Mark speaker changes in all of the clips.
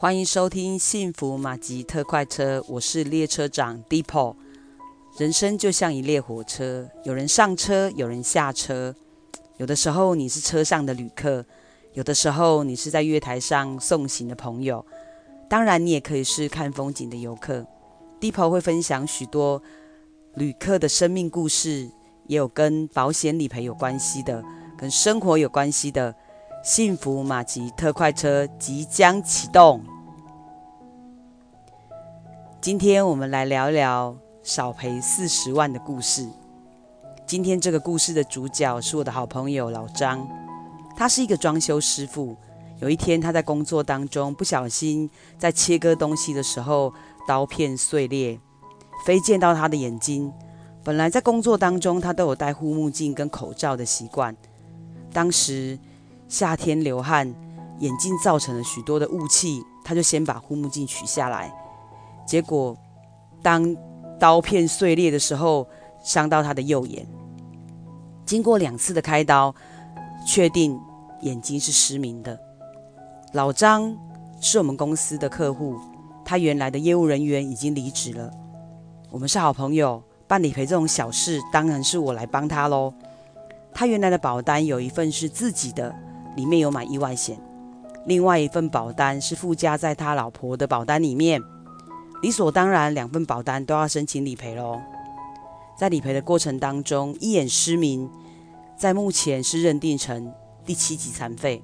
Speaker 1: 歡迎收聽《幸福馬吉特快車》，我是列車長 Dipol。人生就像一列火車，有人上車，有人下車。有的時候你是車上的旅客，有的時候你是在月台上送行的朋友。當然，你也可以是看風景的遊客。Dipol 會分享許多旅客的生命故事，也有跟保險理賠有關係的，跟生活有關係的。幸福馬吉特快車即將啟動。今天我們來聊一聊少賠四十萬的故事。今天這個故事的主角是我的好朋友老張，他是一個裝修師傅。有一天他在工作當中不小心在切割東西的時候，刀片碎裂，飛濺到他的眼睛。本來在工作當中他都有戴護目鏡跟口罩的習慣，當時，夏天流汗，眼鏡造成了許多的霧氣，他就先把護目鏡取下來。結果，當刀片碎裂的時候，傷到他的右眼。經過兩次的開刀，確定眼睛是失明的。老張是我們公司的客戶，他原來的業務人員已經離職了。我們是好朋友，辦理賠這種小事，當然是我來幫他嘍。他原來的保單有一份是自己的。裡面有買意外險，另外一份保單是附加在他老婆的保單裡面，理所當然，兩份保單都要申請理賠咯。在理賠的過程當中，一眼失明，在目前是認定成第七級殘廢。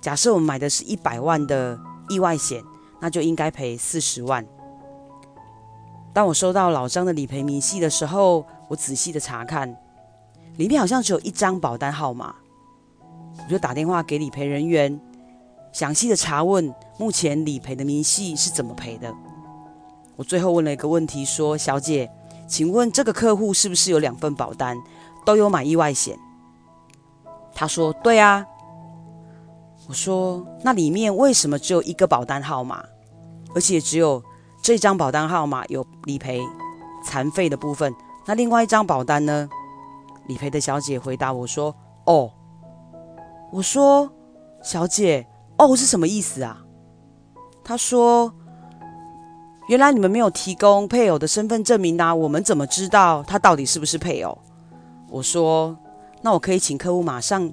Speaker 1: 假設我們買的是一百萬的意外險，那就應該賠四十萬。當我收到老張的理賠明細的時候，我仔細的查看，裡面好像只有一張保單號碼。我就打電話給理賠人員，詳細的查問目前理賠的明細是怎麼賠的。我最後問了一個問題，說：“小姐，請問這個客戶是不是有兩份保單，都有買意外險？”她說：“對啊。”我說：“那裡面為什麼只有一個保單號碼，而且只有這張保單號碼有理賠殘廢的部分？那另外一張保單呢？”理賠的小姐回答我說：“哦。”我說：“小姐，哦，是什麼意思啊？”他說：“原來你們沒有提供配偶的身份證明吶，我們怎麼知道他到底是不是配偶？”我說：“那我可以請客戶馬上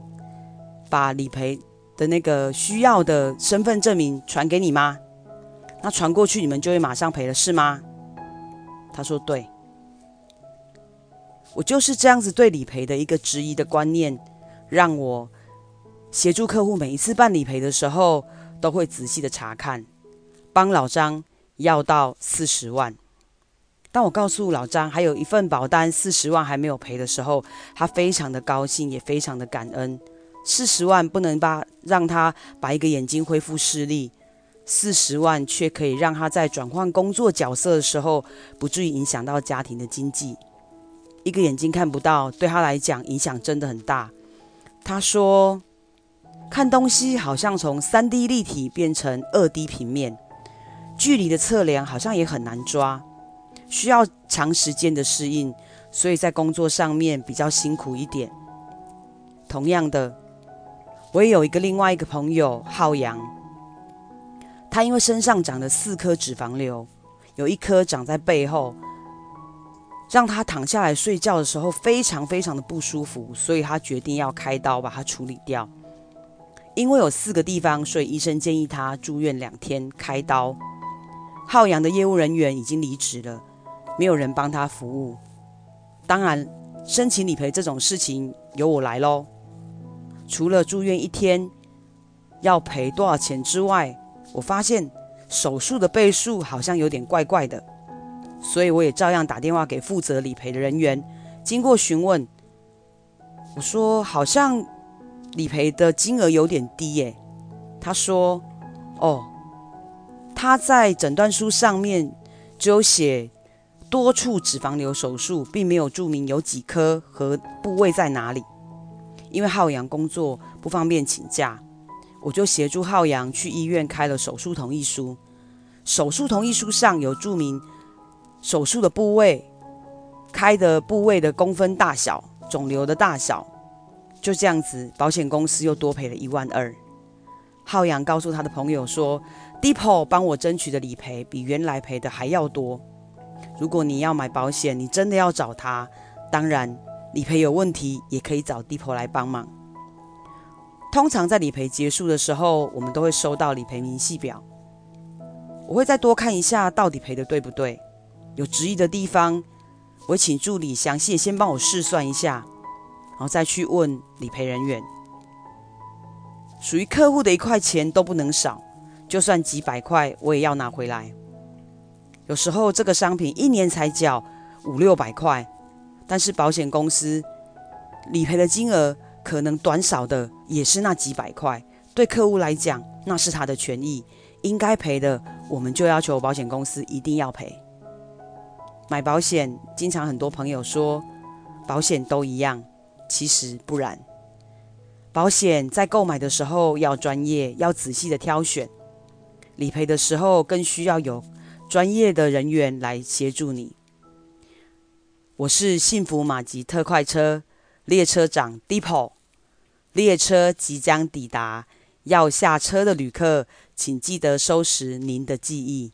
Speaker 1: 把理賠的那個需要的身份證明傳給你嗎？那傳過去你們就會馬上賠了，是嗎？”他說：“對。”我就是這樣子對理賠的一個質疑的觀念，讓我，協助客戶每一次辦理賠的時候，都會仔細的查看，幫老張要到四十萬。當我告訴老張還有一份保單四十萬還沒有賠的時候，他非常的高興，也非常的感恩。四十萬不能把讓他把一個眼睛恢復視力，四十萬卻可以讓他在轉換工作角色的時候不至於影響到家庭的經濟。一個眼睛看不到，對他來講影響真的很大。他說，看東西好像從三 D 立體變成二 D 平面，距離的測量好像也很難抓，需要長時間的適應，所以在工作上面比較辛苦一點。同樣的，我也有一個另外一個朋友浩洋，他因為身上長了四顆脂肪瘤，有一顆長在背後，讓他躺下來睡覺的時候非常非常的不舒服，所以他決定要開刀把它處理掉。因為有四個地方，所以醫生建議他住院兩天開刀。浩洋的業務人員已經離職了，沒有人幫他服務。當然，申請理賠這種事情由我來嘍。除了住院一天要賠多少錢之外，我發現手術的倍數好像有點怪怪的，所以我也照樣打電話給負責理賠的人員。經過詢問，我說好像。理賠的金額有點低耶。他說：“哦，他在診斷書上面只有寫多處脂肪瘤手術，並沒有注明有幾顆和部位在哪裡。因為浩洋工作不方便請假，我就協助浩洋去醫院開了手術同意書。手術同意書上有注明手術的部位、開的部位的公分大小、腫瘤的大小。”就這樣子，保險公司又多賠了一萬二。浩洋告訴他的朋友說：“Depo 幫我爭取的理賠比原來賠的還要多。如果你要買保險，你真的要找他。當然，理賠有問題也可以找 Depo 來幫忙。通常在理賠結束的時候，我們都會收到理賠明細表。我會再多看一下到底賠的對不對，有質疑的地方，我會請助理詳細先幫我試算一下。”然後再去問理賠人員，屬於客戶的一塊錢都不能少，就算幾百塊我也要拿回來。有時候這個商品一年才繳五六百塊，但是保險公司理賠的金額可能短少的也是那幾百塊，對客戶來講那是他的權益，應該賠的我們就要求保險公司一定要賠。買保險經常很多朋友說保險都一樣。其實不然，保險在購買的時候要專業，要仔細的挑選；理賠的時候更需要有專業的人員來協助你。我是幸福馬吉特快車列車長 Deepo。列車即將抵達，要下車的旅客，請記得收拾您的記憶。